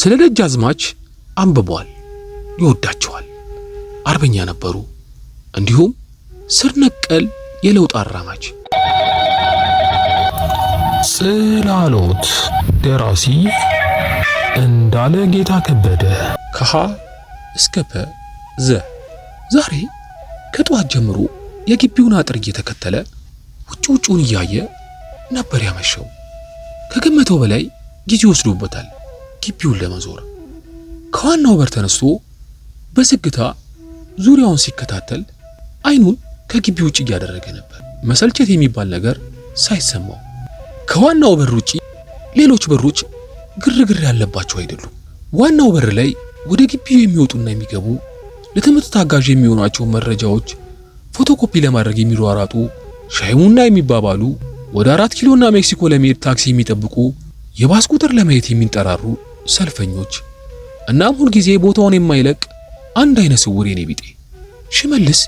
ስለ ደጃዝማች አንብቧል፣ ይወዳቸዋል። አርበኛ ነበሩ፣ እንዲሁም ስር ነቀል የለውጥ አራማች። ጽላሎት ደራሲ እንዳለ ጌታ ከበደ ከሀ እስከ ፐ ዘ ዛሬ ከጠዋት ጀምሮ የግቢውን አጥር እየተከተለ ውጭ ውጭውን እያየ ነበር ያመሸው። ከገመተው በላይ ጊዜ ወስዶበታል። ግቢውን ለመዞር ከዋናው በር ተነስቶ በዝግታ ዙሪያውን ሲከታተል አይኑን ከግቢ ውጭ እያደረገ ነበር። መሰልቸት የሚባል ነገር ሳይሰማው ከዋናው በር ውጪ ሌሎች በሮች ግርግር ያለባቸው አይደሉም። ዋናው በር ላይ ወደ ግቢው የሚወጡና የሚገቡ ለትምህርት ታጋዥ የሚሆኗቸው መረጃዎች ፎቶኮፒ ለማድረግ የሚሯሯጡ ሻይሙና የሚባባሉ ወደ አራት ኪሎና ሜክሲኮ ለመሄድ ታክሲ የሚጠብቁ የባስ ቁጥር ለማየት የሚንጠራሩ ሰልፈኞች፣ እናም ሁልጊዜ ቦታውን የማይለቅ አንድ አይነ ስውር የኔ ቢጤ ሽመልስ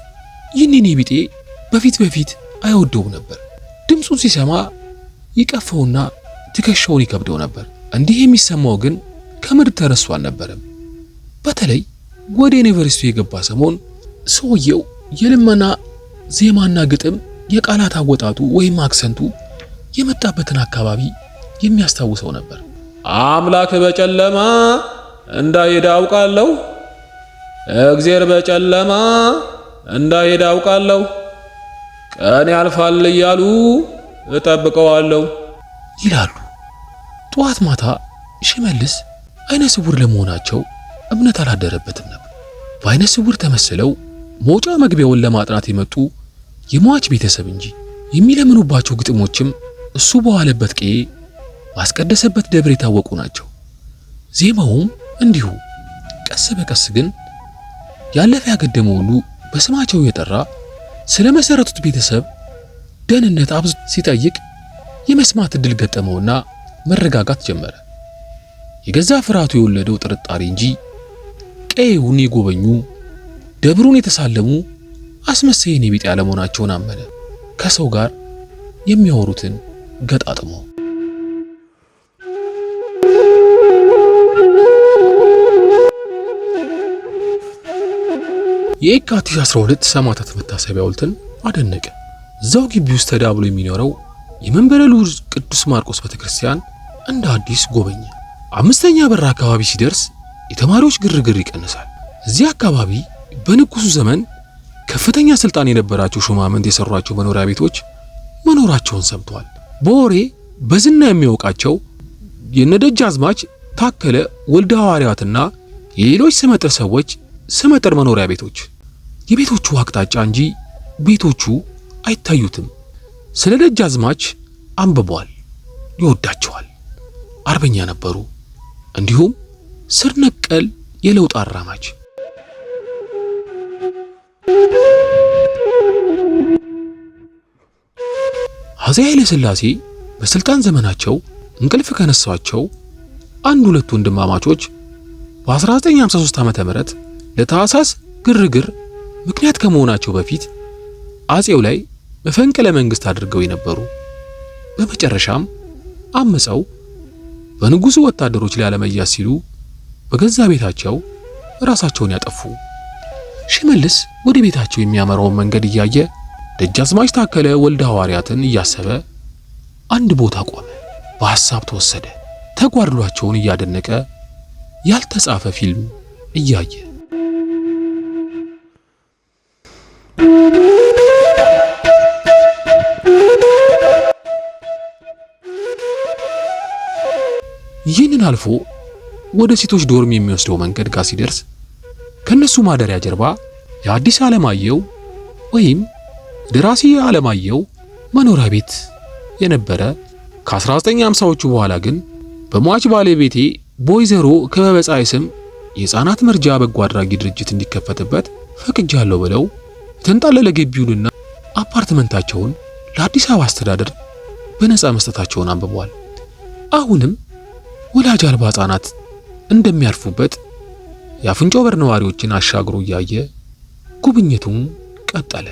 ይህን የኔ ቢጤ በፊት በፊት አይወደውም ነበር። ድምፁን ሲሰማ ይቀፈውና ትከሻውን ይከብደው ነበር። እንዲህ የሚሰማው ግን ከምድር ተረስቶ አልነበረም። በተለይ ወደ ዩኒቨርሲቲ የገባ ሰሞን ሰውየው የልመና ዜማና ግጥም የቃላት አወጣጡ ወይም አክሰንቱ የመጣበትን አካባቢ የሚያስታውሰው ነበር። አምላክ በጨለማ እንዳይሄድ አውቃለሁ። እግዜር በጨለማ እንዳይሄድ አውቃለሁ። ቀን ያልፋል እያሉ እጠብቀዋለሁ ይላሉ። ጠዋት ማታ ሽመልስ አይነ ስውር ለመሆናቸው እምነት አላደረበትም ነበር። በአይነ ስውር ተመስለው መውጫ መግቢያውን ለማጥናት የመጡ የሟች ቤተሰብ እንጂ የሚለምኑባቸው ግጥሞችም እሱ በዋለበት ቀዬ ባስቀደሰበት ደብር የታወቁ ናቸው። ዜማውም እንዲሁ። ቀስ በቀስ ግን ያለፈ ያገደመ ሁሉ በስማቸው የጠራ ስለ መሰረቱት ቤተሰብ ደህንነት አብዝ ሲጠይቅ የመስማት እድል ገጠመውና መረጋጋት ጀመረ። የገዛ ፍርሃቱ የወለደው ጥርጣሬ እንጂ ቀይውን የጎበኙ ደብሩን የተሳለሙ አስመሳይን የኔ ቢጤ ያለመሆናቸውን አመነ። ከሰው ጋር የሚያወሩትን ገጣጥመው። የካቲት 12 ሰማዕታት መታሰቢያ ሐውልትን አደነቀ። እዛው ግቢ ውስጥ ተዳብሎ የሚኖረው የመንበረ ልዑል ቅዱስ ማርቆስ ቤተክርስቲያን እንደ አዲስ ጎበኘ። አምስተኛ በር አካባቢ ሲደርስ የተማሪዎች ግርግር ይቀንሳል። እዚህ አካባቢ በንጉሱ ዘመን ከፍተኛ ስልጣን የነበራቸው ሹማምንት የሰሯቸው መኖሪያ ቤቶች መኖራቸውን ሰምቷል። በወሬ በዝና የሚያውቃቸው የነደጅ አዝማች ታከለ ወልደ ሐዋርያትና የሌሎች ስመጥር ሰዎች ስመጥር መኖሪያ ቤቶች የቤቶቹ አቅጣጫ እንጂ ቤቶቹ አይታዩትም። ስለ ደጃዝማች አንብቧል፣ ይወዳቸዋል። አርበኛ ነበሩ፣ እንዲሁም ስር ነቀል የለውጥ አራማጅ። አፄ ኃይለ ሥላሴ በስልጣን ዘመናቸው እንቅልፍ ከነሷቸው አንድ ሁለት ወንድማማቾች በ1953 ዓ.ም ለታህሳስ ግርግር ምክንያት ከመሆናቸው በፊት አጼው ላይ መፈንቅለ መንግስት አድርገው የነበሩ በመጨረሻም አመፀው በንጉሱ ወታደሮች ላይ አለመያዝ ሲሉ በገዛ ቤታቸው ራሳቸውን ያጠፉ። ሽመልስ ወደ ቤታቸው የሚያመራውን መንገድ እያየ ደጃዝማች ታከለ ወልደ ሐዋርያትን እያሰበ አንድ ቦታ ቆመ። በሐሳብ ተወሰደ። ተጓድሏቸውን እያደነቀ ያልተጻፈ ፊልም እያየ ይህንን አልፎ ወደ ሴቶች ዶርም የሚወስደው መንገድ ጋር ሲደርስ ከነሱ ማደሪያ ጀርባ የአዲስ ዓለማየሁ ወይም ደራሲ ዓለማየሁ መኖሪያ ቤት የነበረ ከ1950ዎቹ በኋላ ግን በሟች ባለቤቴ በወይዘሮ ፀሐይ ስም የሕፃናት መርጃ በጎ አድራጊ ድርጅት እንዲከፈትበት ፈቅጃለሁ ብለው የተንጣለለ ግቢውንና አፓርትመንታቸውን ለአዲስ አበባ አስተዳደር በነፃ መስጠታቸውን አንብበዋል። አሁንም ወላጅ አልባ ህጻናት እንደሚያርፉበት የአፍንጮ በር ነዋሪዎችን አሻግሮ እያየ ጉብኝቱን ቀጠለ።